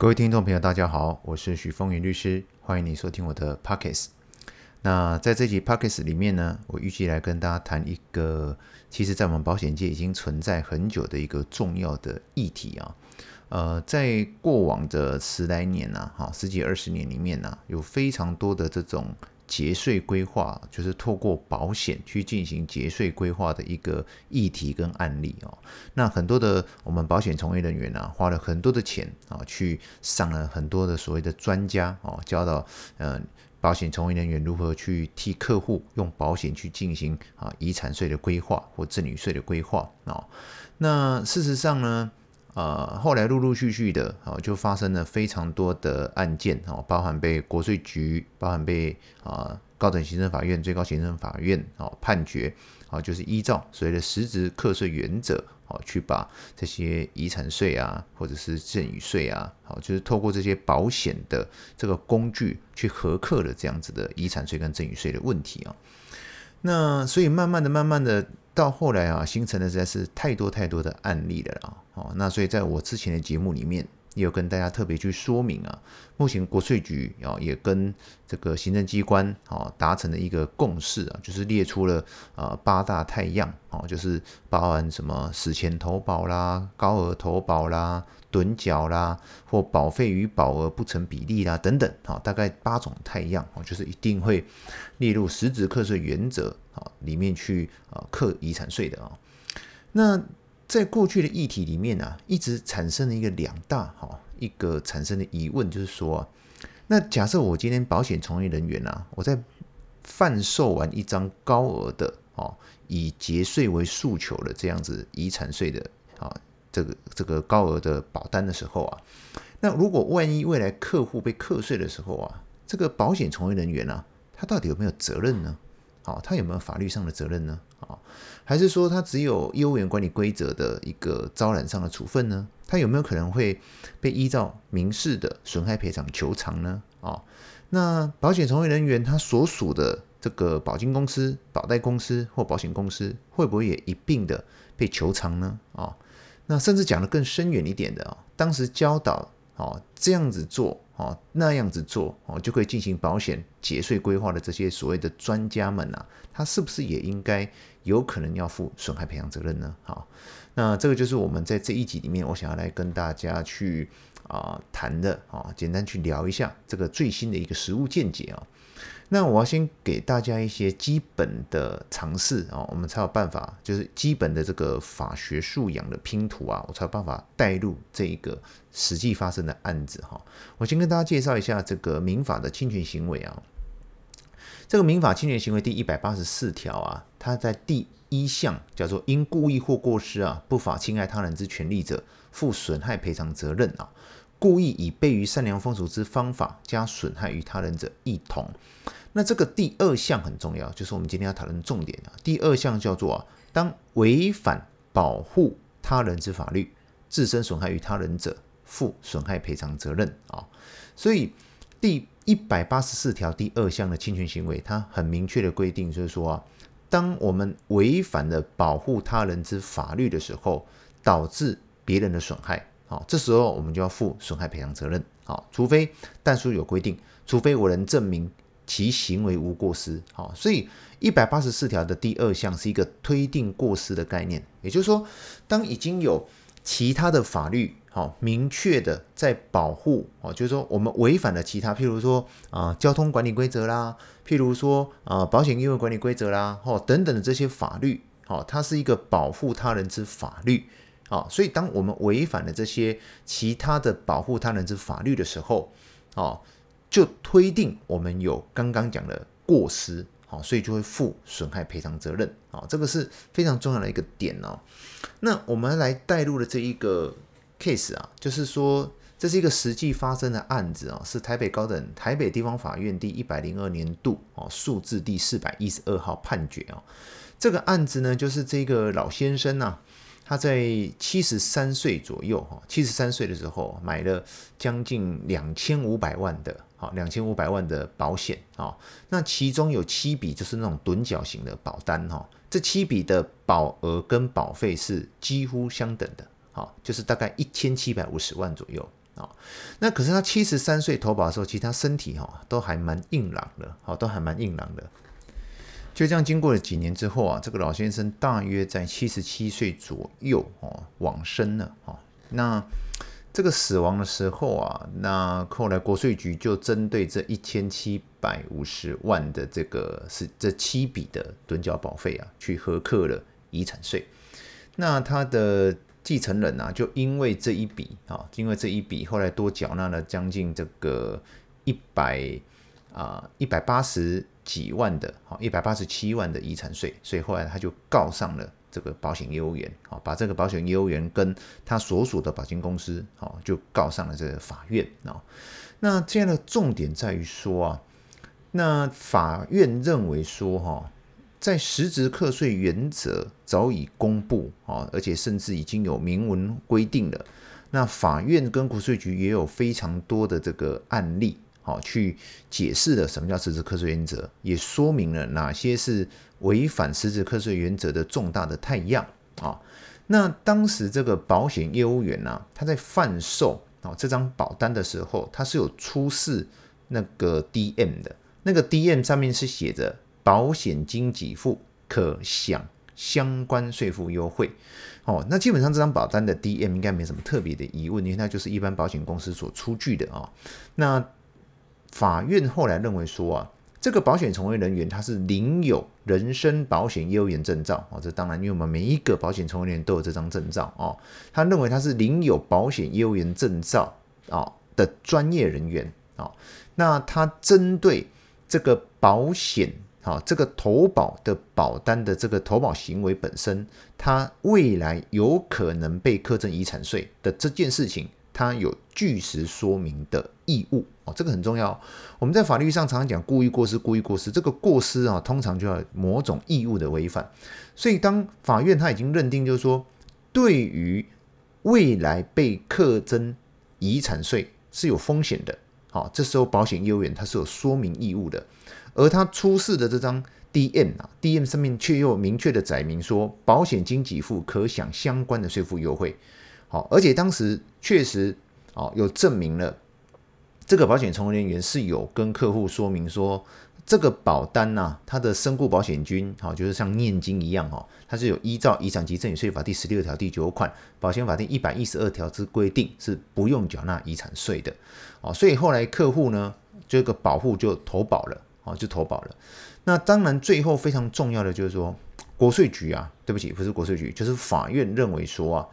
各位聽眾朋友，大家好，我是許峰源律師，歡迎你收聽我的 Podcast。那在這集 Podcast 裡面呢，我預計來跟大家談一個，其實在我們保險界已經存在很久的一個重要的議題啊。呃，在過往的十來年吶，哈，十幾二十年裡面啊，有非常多的這種。節稅規劃，就是透過保險去進行節稅規劃的一個議題跟案例哦。那很多的我們保險從業人員啊，花了很多的錢啊，去上了很多的所謂的專家啊，教導呃保險從業人員如何去替客戶用保險去進行啊遺產稅的規劃或贈與稅的規劃啊。那事實上呢？呃，後來陸陸續續的啊、哦，就發生了非常多的案件啊、哦，包含被國稅局，包含被啊高等行政法院、最高行政法院啊、哦、判決啊、哦，就是依照所謂的實質課稅原則啊、哦，去把這些遺產稅啊，或者是贈與稅啊，好、哦，就是透過這些保險的這個工具去核課的這樣子的遺產稅跟贈與稅的問題啊、哦。那所以慢慢的、慢慢的到後來啊，形成的實在是太多太多的案例了啊，哦，那所以在我之前的節目裡面，也有跟大家特別去說明啊，目前國稅局啊也跟這個行政機關啊達成了一個共識啊，就是列出了啊八大態樣，啊，就是包含什麼死前投保啦、高額投保啦、躉繳啦或保費與保額不成比例啦等等啊，大概八種態樣，啊，就是一定會列入實質課稅原則啊裡面去啊課遺產稅的啊，那。在過去的議題裡面呢、啊，一直產生了一個兩大哈，一個產生的疑問就是說啊，那假設我今天保險從業人員啊，我在販售完一張高額的哦，以節稅為訴求的這樣子遺產稅的啊，這個這個高額的保單的時候啊，那如果萬一未來客戶被課稅的時候啊，這個保險從業人員呢、啊，他到底有沒有責任呢？哦，他有沒有法律上的責任呢？啊，還是說他只有業務員管理規則的一個招攬上的處分呢？他有沒有可能會被依照民事的損害賠償求償呢？啊，那保險從業人員他所屬的這個保金公司、保代公司或保險公司會不會也一併的被求償呢？啊，那甚至講得更深遠一點的啊，當時教導。哦，這樣子做哦，那樣子做哦，就可以進行保險節稅規劃的這些所謂的專家們吶、啊，他是不是也應該有可能要負損害賠償責任呢？好，那這個就是我們在這一集裡面，我想要來跟大家去。啊，談的啊，簡單去聊一下這個最新的一個實務見解啊。那我要先給大家一些基本的常識啊，我們才有辦法，就是基本的這個法學素養的拼圖啊，我才有辦法帶入這一個實際發生的案子哈、啊。我先跟大家介紹一下這個民法的侵權行為啊。這個民法侵權行為第一百八十四條啊，它在第一項叫做因故意或過失啊，不法侵害他人之權利者，負損害賠償責任啊。故意以悖於善良風俗之方法加損害於他人者，亦同。那這個第二項很重要，就是我們今天要討論的重點啊。第二項叫做啊，當違反保護他人之法律，自身損害於他人者，負損害賠償責任啊、哦。所以第一百八十四條第二項的侵權行為，它很明確的規定就是說啊，當我們違反了保護他人之法律的時候，導致別人的損害。好，這時候我們就要負損害賠償責任。好，除非但書有規定，除非我能證明其行為無過失。好，所以一百八十四條的第二項是一個推定過失的概念。也就是說，當已經有其他的法律，好，明確的在保護，哦，就是說我們違反了其他，譬如說啊、呃、交通管理規則啦，譬如說啊、呃、保險業務管理規則啦，哦，等等的這些法律，好、哦，它是一個保護他人之法律。啊、哦，所以當我們違反了這些其他的保護他人之法律的時候，哦，就推定我們有剛剛講的過失，哦，所以就會負損害賠償責任，哦，這個是非常重要的一個點哦。那我們來帶入的這一個 case 啊，就是說這是一個實際發生的案子啊、哦，是台北高等台北地方法院第一百零二年度哦訴字第四百一十二號判決哦。這個案子呢，就是這個老先生呢、啊。他在七十三歲左右，哈，七十三歲的時候買了將近兩千五百萬的，好，兩千五百萬的保險，啊，那其中有七筆就是那種躉繳型的保單，哈，這七筆的保額跟保費是幾乎相等的，好，就是大概一千七百五十萬左右，啊，那可是他七十三歲投保的時候，其實他身體，哈，都還蠻硬朗的，好，都還蠻硬朗的。就這樣，經過了幾年之後啊，這個老先生大約在七十七歲左右哦，往生了。那這個死亡的時候啊，那後來國稅局就針對這一千七百五十萬的這個是這七筆的躉繳保費啊，去核課了遺產稅。那他的繼承人呢、啊，就因為這一筆啊，因為這一筆後來多繳納了將近這個一百。啊、呃，一百八十幾萬的，好，一百八十七萬的遺產稅，所以後來他就告上了這個保險業務員，好，把這個保險業務員跟他所屬的保險公司，好，就告上了這個法院啊。那這樣的重點在於說啊，那法院認為說哈、啊，在實質課稅原則早已公布啊，而且甚至已經有明文規定了。那法院跟國稅局也有非常多的這個案例。哦，去解釋了什麼叫實質課稅原則，也說明了哪些是違反實質課稅原則的重大的態樣。啊。那當時這個保險業務員呢、啊，他在販售哦這張保單的時候，他是有出示那個 DM 的，那個 DM 上面是寫着保險金給付可享相關稅負優惠哦。那基本上這張保單的 DM 應該沒什麼特別的疑問，因為它就是一般保險公司所出具的啊。那法院後來認為說啊，這個保險從業人員他是領有人身保險業務員證照哦，這當然因為我們每一個保險從業人員都有這張證照哦，他認為他是領有保險業務員證照啊、哦、的專業人員啊、哦，那他針對這個保險啊、哦，這個投保的保單的這個投保行為本身，他未來有可能被課徵遺產稅的這件事情，他有據實說明的義務。這個很重要，我們在法律上常常講故意過失、故意過失。這個過失啊，通常就要某種義務的違反。所以，當法院他已經認定，就是說，對於未來被課徵遺產稅是有風險的。好，這時候保險業務員他是有說明義務的，而他出示的這張 DM 啊，DM 上面卻又有明確的載明說，保險金給付可享相關的稅負優惠。好，而且當時確實好，有證明了。這個保險從業人員是有跟客戶說明說，這個保單吶、啊，它的身故保險金，好，就是像念經一樣，哦，它是有依照遺產及贈與稅法第十六條第九款、保險法第一百一十二條之規定，是不用繳納遺產稅的，哦，所以後來客戶呢，這個保護就投保了，就投保了。那當然，最後非常重要的就是說，國稅局啊，對不起，不是國稅局，就是法院認為說啊，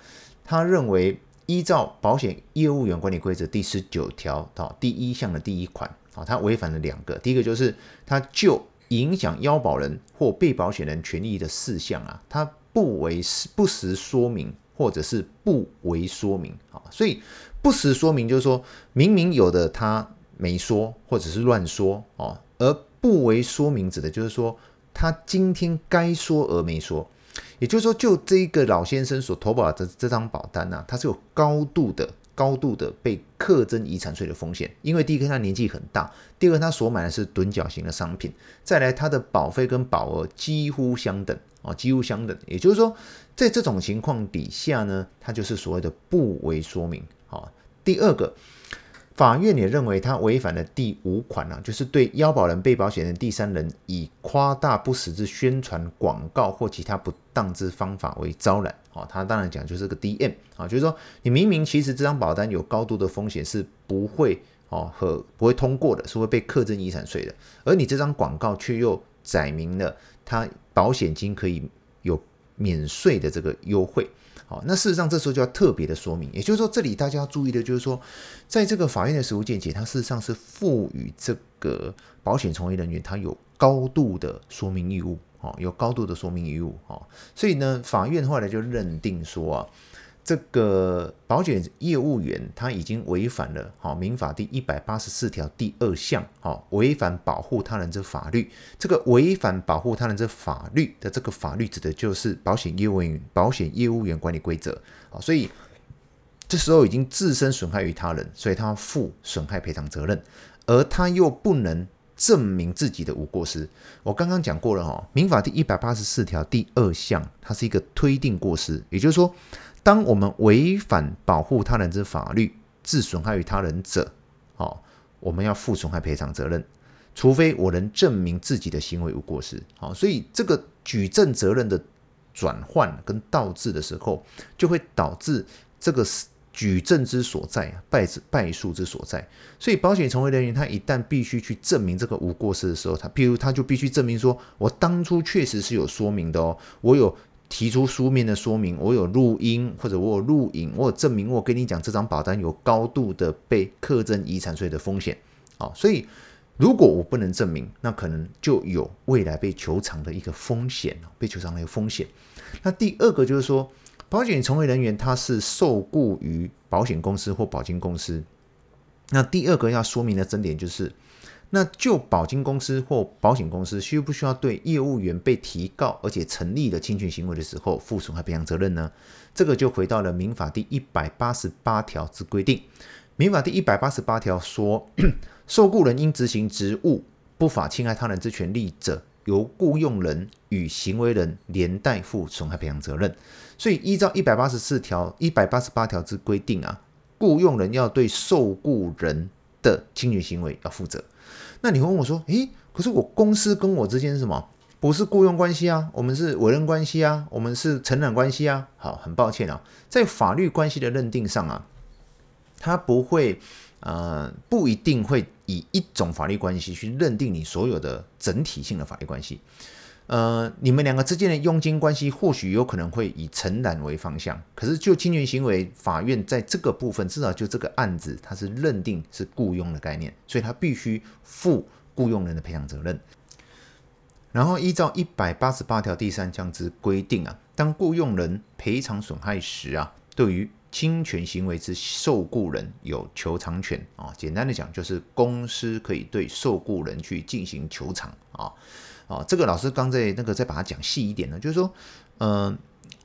他認為。依照保險業務員管理規則第十九條到第一項的第一款啊，它違反了兩個。第一個就是它，就影響要保人或被保險人權益的事項啊，它不為不實說明或者是不為說明啊。所以不實說明就是說，明明有的他沒說或者是亂說哦，而不為說明指的就是說他今天該說而沒說。也就是說，就這一個老先生所投保的這張保單啊，它是有高度的、高度的被課徵遺產稅的風險。因為第一個，他年紀很大；第二，他所買的是躉繳型的商品；再來，他的保費跟保額幾乎相等啊、哦，幾乎相等。也就是說，在這種情況底下呢，它就是所謂的不為說明啊、哦。第二個。法院也認為他違反了第五款啊，就是對要保人、被保險人、第三人以誇大不實之宣傳廣告或其他不當之方法為招攬。哦，他當然講就是個 DM 啊、哦，就是說你明明其實這張保單有高度的風險是不會哦和不會通過的，是會被課徵遺產稅的，而你這張廣告卻又載明了他保險金可以有免稅的這個優惠。好，那事實上這時候就要特別的說明，也就是說，這裡大家要注意的就是說，在這個法院的實務見解，它事實上是賦予這個保險從業人員他有高度的說明義務，哦，有高度的說明義務，哦，所以呢，法院後來就認定說啊。這個保險業務員他已經違反了好民法第一百八十四條第二項，好違反保護他人之法律。這個違反保護他人之法律的這個法律，指的就是保險業務員保險業務員管理規則。好，所以這時候已經自身損害於他人，所以他負損害賠償責任，而他又不能。證明自己的無過失，我剛剛講過了哈。民法第一百八十四條第二項，它是一個推定過失，也就是說，當我們違反保護他人之法律，致損害於他人者，好，我們要負損害賠償責任，除非我能證明自己的行為無過失，好，所以這個舉證責任的轉換跟倒置的時候，就會導致這個舉證之所在啊，敗之敗訴之所在。所以，保險從業人員他一旦必須去證明這個無過失的時候，他，譬如他就必須證明說，我當初確實是有說明的哦，我有提出書面的說明，我有錄音或者我有錄影，我有證明我跟你講這張保單有高度的被課徵遺產稅的風險啊、哦。所以，如果我不能證明，那可能就有未來被求償的一個風險，被求償的一個風險。那第二個就是說。保險從業人員他是受雇於保險公司或保金公司。那第二個要說明的爭點就是，那就保金公司或保險公司需不需要對業務員被提告而且成立的侵權行為的時候負損害賠償責任呢？這個就回到了民法第一百八十八條之規定。民法第一百八十八條說， 受雇人因執行職務不法侵害他人之權利者。由僱傭人與行為人連帶負損害賠償責任。所以依照一百八十四條、一百八十八條之規定啊，僱傭人要對受僱人的侵權行為要負責。那你問我說，誒、欸，可是我公司跟我之間是什麼？不是僱傭關係啊？我們是委任關係啊，我們是承攬關係啊？好，很抱歉啊，在法律關係的認定上啊，它不會。呃，不一定會以一種法律關係去認定你所有的整體性的法律關係。呃，你們兩個之間的佣金關係或許有可能會以承攬為方向，可是就侵權行為，法院在這個部分，至少就這個案子，它是認定是僱傭的概念，所以他必須負僱傭人的賠償責任。然後依照一百八十八條第三項之規定啊，當僱傭人賠償損害時啊，對於。侵權行為之受僱人有求償權啊、哦，簡單的講就是公司可以對受僱人去進行求償啊啊，這個老師剛在那個再把它講細一點呢，就是說，嗯、呃，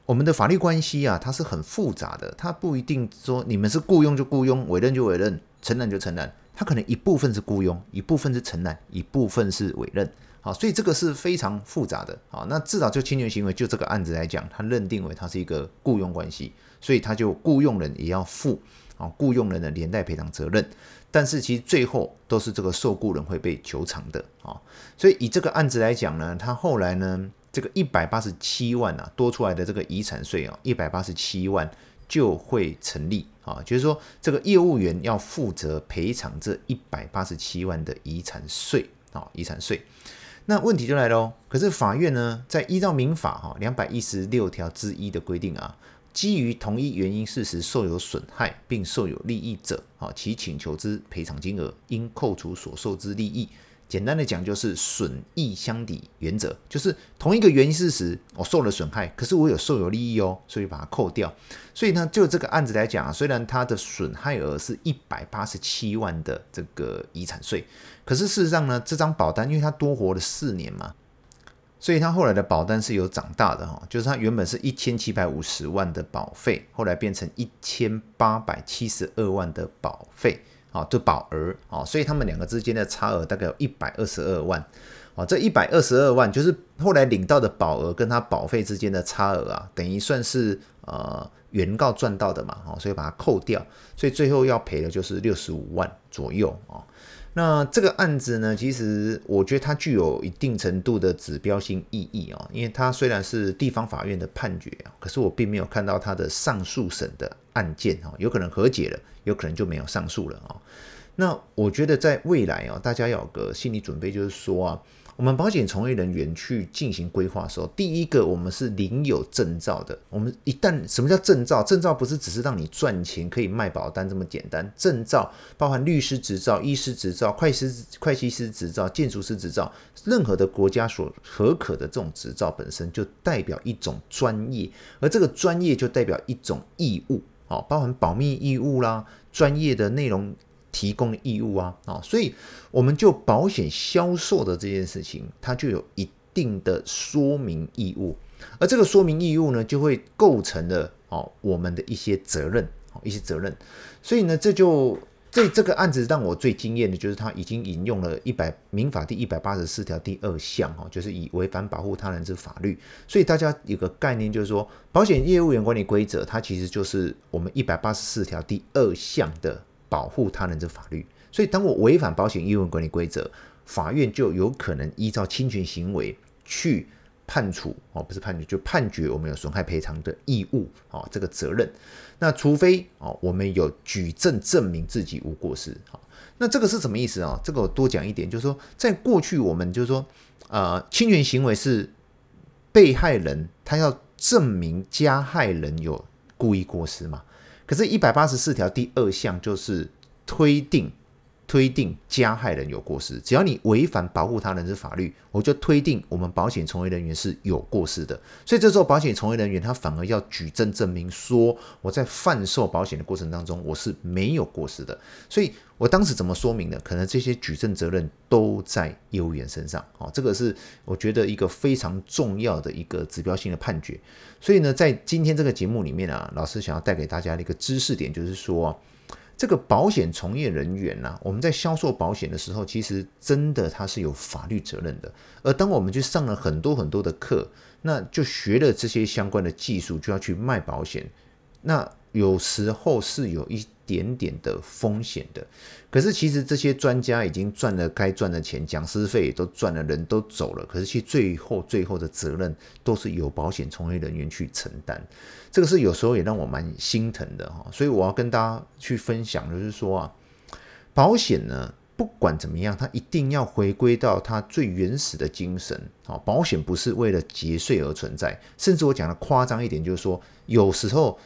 我們的法律關係啊，它是很複雜的，它不一定說你們是僱傭就僱傭，委任就委任，承攬就承攬，它可能一部分是僱傭，一部分是承攬，一部分是委任。好，所以這個是非常複雜的啊。那至少就侵權行為，就這個案子來講，它認定為它是一個雇傭關係，所以它就雇傭人也要負啊，雇傭人的連帶賠償責任。但是其實最後都是這個受雇人會被求償的啊。所以以這個案子來講呢，他後來呢，這個一百八十七萬吶啊，多出來的這個遺產稅啊喔，一百八十七萬就會成立啊，就是說這個業務員要負責賠償這一百八十七萬的遺產稅啊，遺產稅。那問題就來了哦，可是法院呢，在依照民法哈兩百一十六條之一的規定啊，基於同一原因事實受有損害並受有利益者啊，其請求之賠償金額應扣除所受之利益。簡單的講就是損益相抵原則，就是同一個原因事實，我受了損害，可是我有受有利益哦，所以把它扣掉。所以呢，就這個案子來講，雖然它的損害額是一百八十七萬的這個遺產稅，可是事實上呢，這張保單因為它多活了四年嘛，所以它後來的保單是有長大的哈，就是它原本是一千七百五十萬的保費，後來變成一千八百七十二萬的保費。啊、哦，的保額啊、哦，所以他們兩個之間的差額大概有一百二十二萬，啊、哦，這一百二十二萬就是後來領到的保額跟他保費之間的差額啊，等於算是呃原告賺到的嘛，哦，所以把它扣掉，所以最後要賠的就是六十五萬左右啊、哦。那這個案子呢，其實我覺得它具有一定程度的指標性意義啊、哦，因為它雖然是地方法院的判決可是我並沒有看到它的上訴審的。案件哦，有可能和解了，有可能就沒有上訴了啊。那我覺得在未來啊，大家要有個心理準備，就是說啊，我們保險從業人員去進行規劃的時候，第一個我們是領有證照的。我們一旦什麼叫證照？證照不是只是讓你賺錢可以賣保單這麼簡單。證照包含律師執照、醫師執照、會計師、會計師執照、建築師執照，任何的國家所核可的這種執照，本身就代表一種專業，而這個專業就代表一種義務。哦，包含保密義務啦，專業的內容提供的義務啊，啊，所以我們就保險銷售的這件事情，它就有一定的說明義務，而這個說明義務呢，就會構成了哦我們的一些責任，哦一些責任，所以呢，這就。這這個案子讓我最驚艷的就是，他已經引用了一百民法第一百八十四條第二項，哈，就是以違反保護他人之法律。所以大家有個概念，就是說保險業務員管理規則，它其實就是我們一百八十四條第二項的保護他人之法律。所以當我違反保險業務員管理規則，法院就有可能依照侵權行為去。判處哦，不是判決，就判決我們有損害賠償的義務哦，這個責任。那除非哦，我們有舉證證明自己無過失。那這個是什麼意思啊？這個我多講一點，就是說，在過去我們就是說，呃，侵權行為是被害人他要證明加害人有故意過失嘛。可是，一百八十四條第二項就是推定。推定加害人有過失，只要你違反保護他人之法律，我就推定我們保險從業人員是有過失的。所以這時候保險從業人員他反而要舉證證明說，我在販售保險的過程當中，我是沒有過失的。所以我當時怎麼說明的？可能這些舉證責任都在業務員身上。好、哦，這個是我覺得一個非常重要的一個指標性的判決。所以呢，在今天這個節目裡面啊，老師想要帶給大家的一個知識點就是說。這個保險從業人員呢、啊，我們在銷售保險的時候，其實真的他是有法律責任的。而當我們去上了很多很多的課，那就學了這些相關的技術，就要去賣保險，那有時候是有一。一點點的風險的，可是其實這些專家已經賺了該賺的錢，講師費也都賺了，人都走了。可是，其實最後最後的責任都是由保險從業人員去承擔，這個是有時候也讓我蠻心疼的哈。所以，我要跟大家去分享，就是說啊，保險呢，不管怎麼樣，它一定要回歸到它最原始的精神啊。保險不是為了節稅而存在，甚至我講的誇張一點，就是說，有時候，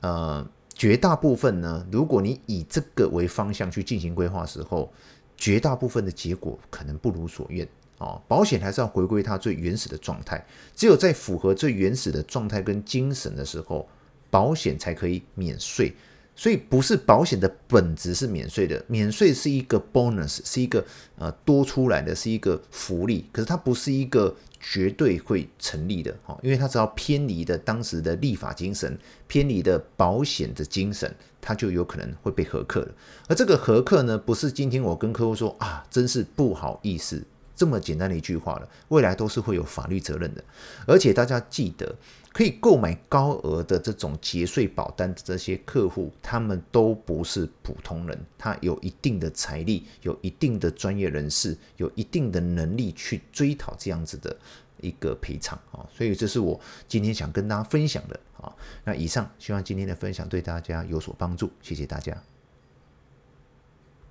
呃。絕大部分呢，如果你以這個為方向去進行規劃時候，絕大部分的結果可能不如所願啊、哦。保險還是要回歸它最原始的狀態，只有在符合最原始的狀態跟精神的時候，保險才可以免稅。所以不是保險的本質是免稅的，免稅是一個 bonus，是一個呃多出來的是一個福利，可是它不是一個絕對會成立的哦，因為它只要偏離的當時的立法精神，偏離的保險的精神，它就有可能會被核課了。而這個核課呢，不是今天我跟客戶說啊，真是不好意思，這麼簡單的一句話了，未來都是會有法律責任的。而且大家記得，可以購買高額的這種節稅保單的這些客戶，他們都不是普通人，他有一定的財力，有一定的專業人士，有一定的能力去追討這樣子的一個賠償啊。所以這是我今天想跟大家分享的啊。那以上，希望今天的分享對大家有所幫助，謝謝大家。